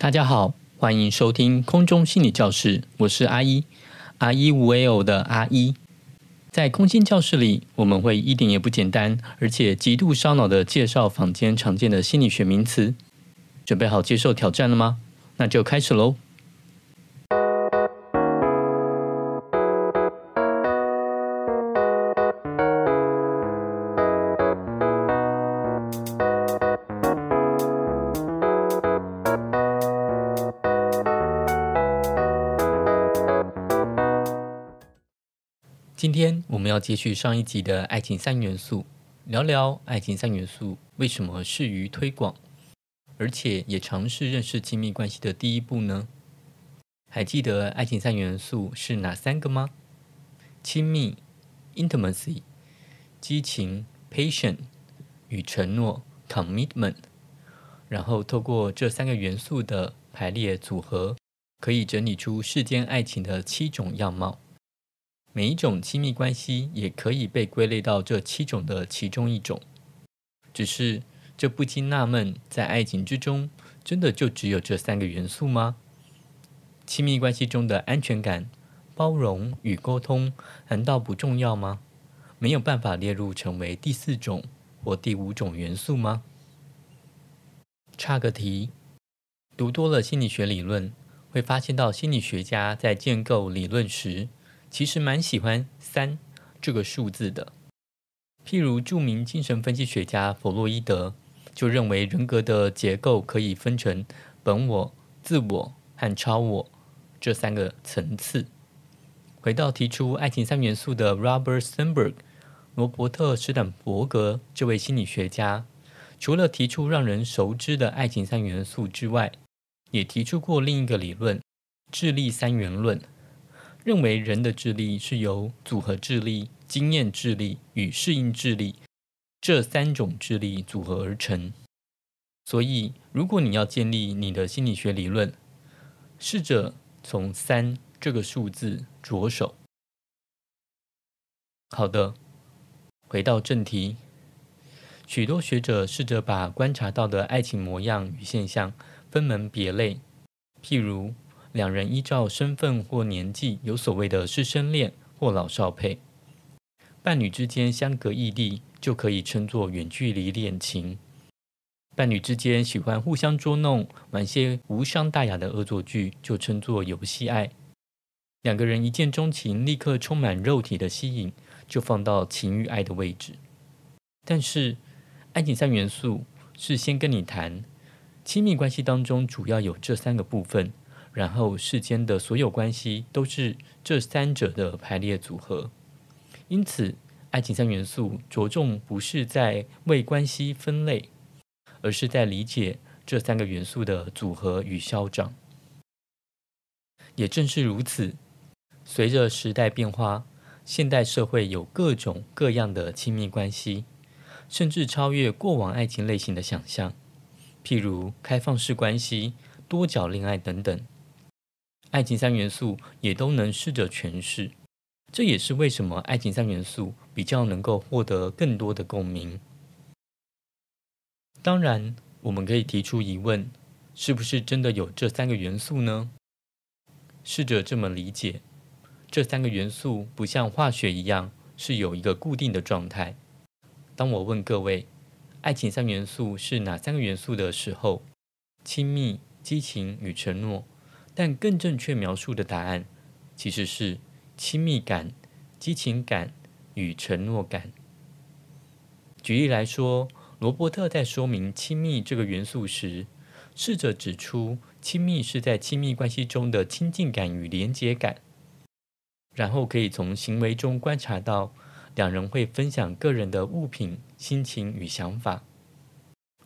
大家好，歡迎收聽空中心理教室，我是阿一，阿一無為偶的阿一。在空心教室裡，我們會一點也不簡單，而且極度燒腦的介紹坊間常見的心理學名詞。準備好接受挑戰了嗎？那就開始嘍。今天我們要接續上一集的“愛情三元素”，聊聊“愛情三元素”為什麼適於推廣，而且也常是認識親密關係的第一步呢？還記得“愛情三元素”是哪三個嗎？親密 （Intimacy）、激情 （Passion） 與承諾 （Commitment）。然後透過這三個元素的排列組合，可以整理出世間愛情的七種樣貌。每一種親密關係也可以被歸類到這七種的其中一種，只是這不禁納悶，在愛情之中，真的就只有這三個元素嗎？親密關係中的安全感、包容與溝通，難道不重要嗎？沒有辦法列入成為第四種或第五種元素嗎？岔個題，讀多了心理學理論，會發現到心理學家在建構理論時，其實蠻喜歡三這個數字的，譬如著名精神分析學家弗洛伊德就認為人格的結構可以分成本我、自我和超我這三個層次。回到提出愛情三元素的 Robert s t e n b e r g 羅伯特·斯坦伯格）這位心理學家，除了提出讓人熟知的愛情三元素之外，也提出過另一個理論——智力三元論。認為人的智力是由組合智力、經驗智力與適應智力這三種智力組合而成。所以，如果你要建立你的心理學理論，試着從三這個數字着手。好的，回到正題。許多學者試着把觀察到的愛情模樣與現象分門別類，譬如，兩人依照身份或年紀有所謂的師生戀或老少配，伴侶之間相隔異地就可以稱作遠距離戀情。伴侶之間喜歡互相捉弄，玩些無傷大雅的惡作劇，就稱作遊戲愛。兩個人一見鍾情，立刻充滿肉體的吸引，就放到情欲愛的位置。但是愛情三元素是先跟你談親密關係當中，主要有這三個部分。然後世間的所有關係都是這三者的排列組合，因此愛情三元素着重不是在為關係分類，而是在理解這三個元素的組合與消長。也正是如此，隨着時代變化，現代社會有各種各樣的親密關係，甚至超越過往愛情類型的想象，譬如開放式關係、多角戀愛等等。愛情三元素也都能試着詮釋，這也是為什麼愛情三元素比較能夠獲得更多的共鳴。當然，我們可以提出疑問：是不是真的有這三個元素呢？試着這麼理解，這三個元素不像化學一樣是有一個固定的狀態。當我問各位，愛情三元素是哪三個元素的時候，親密、激情與承諾。但更正確描述的答案，其實是親密感、激情感與承諾感。舉例來說，羅伯特在說明親密這個元素時，試着指出親密是在親密關係中的親近感與連接感，然後可以從行為中觀察到，兩人會分享個人的物品、心情與想法，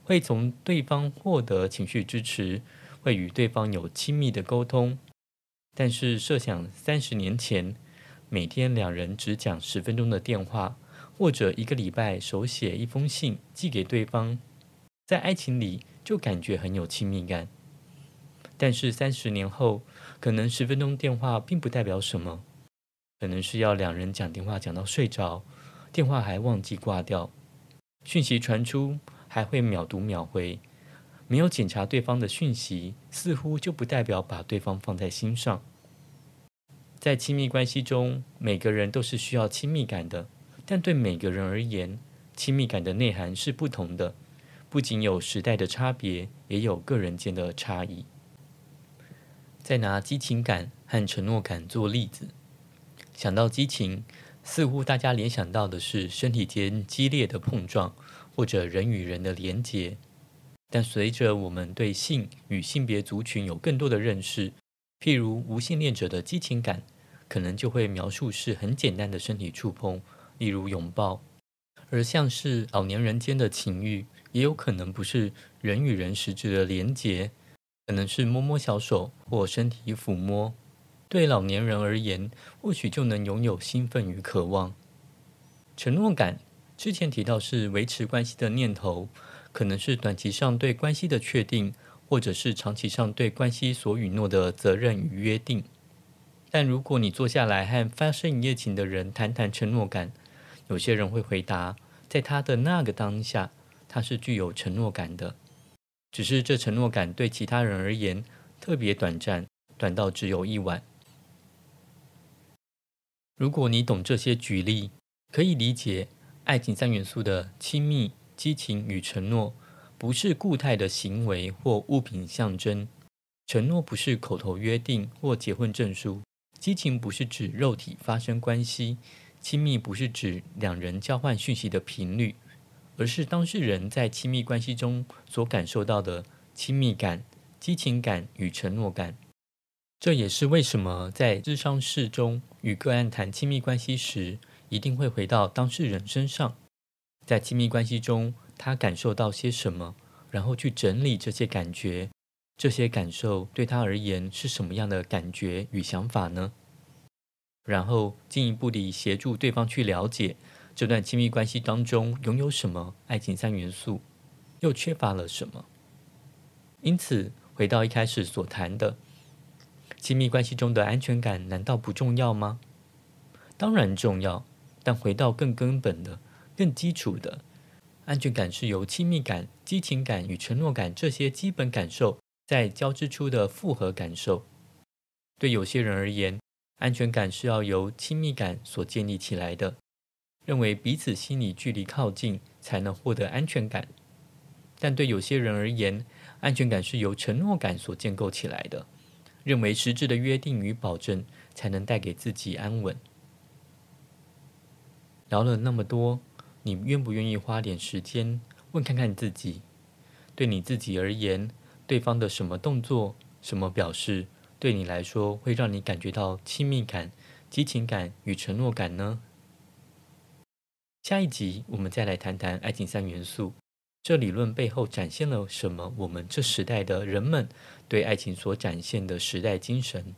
會從對方獲得情緒支持。會與對方有親密的溝通，但是設想三十年前，每天兩人只講十分鐘的電話，或者一個禮拜手寫一封信寄給對方，在愛情裡就感覺很有親密感。但是三十年後，可能十分鐘電話並不代表什麼，可能是要兩人講電話講到睡着，電話還忘記掛掉，訊息傳出還會秒讀秒回。沒有檢查對方的訊息，似乎就不代表把對方放在心上。在親密關係中，每個人都是需要親密感的，但對每個人而言，親密感的內涵是不同的。不僅有時代的差別，也有個人間的差異。再拿激情感和承諾感做例子，想到激情，似乎大家聯想到的是身體間激烈的碰撞，或者人與人的連結。但隨着我們對性與性別族群有更多的認識，譬如無性戀者的激情感，可能就會描述是很簡單的身體觸碰，例如擁抱；而像是老年人間的情欲，也有可能不是人與人實質的連結，可能是摸摸小手或身體撫摸。對老年人而言，或許就能擁有興奮與渴望。承諾感，之前提到是維持關係的念頭。可能是短期上對關係的確定，或者是長期上對關係所允諾的責任與約定。但如果你坐下來和發生一夜情的人談談承諾感，有些人會回答：在他的那個當下，他是具有承諾感的。只是這承諾感對其他人而言特別短暫，短到只有一晚。如果你懂這些舉例，可以理解愛情三元素的親密。激情與承諾不是固態的行為或物品象徵，承諾不是口頭約定或結婚證書，激情不是指肉體發生關係，親密不是指兩人交換訊息的頻率，而是當事人在親密關係中所感受到的親密感、激情感與承諾感。這也是為什麼在諮商室中與個案談親密關係時，一定會回到當事人身上。在親密關係中，他感受到些什麼？然後去整理這些感覺，這些感受對他而言是什麼樣的感覺與想法呢？然後進一步地協助對方去了解，這段親密關係當中擁有什麼愛情三元素，又缺乏了什麼？因此，回到一開始所談的，親密關係中的安全感，難道不重要嗎？當然重要，但回到更根本的。更基礎的安全感是由親密感、激情感與承諾感這些基本感受在交織出的複合感受。對有些人而言，安全感是要由親密感所建立起來的，認為彼此心理距離靠近才能獲得安全感；但對有些人而言，安全感是由承諾感所建構起來的，認為實質的約定與保證才能帶給自己安穩。聊了那麼多。你願不願意花點時間問看看自己？對你自己而言，對方的什麼動作、什麼表示，對你來說會讓你感覺到親密感、激情感與承諾感呢？下一集我們再來談談愛情三元素。這理論背後展現了什麼？我們這時代的人們對愛情所展現的時代精神。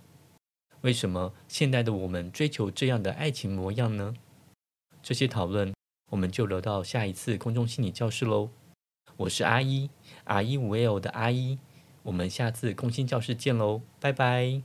為什麼現代的我們追求這樣的愛情模樣呢？這些討論。我們就留到下一次空中心理教室嘍，我是阿一，R 一五 L 的阿一，我們下次空心教室見嘍，拜拜。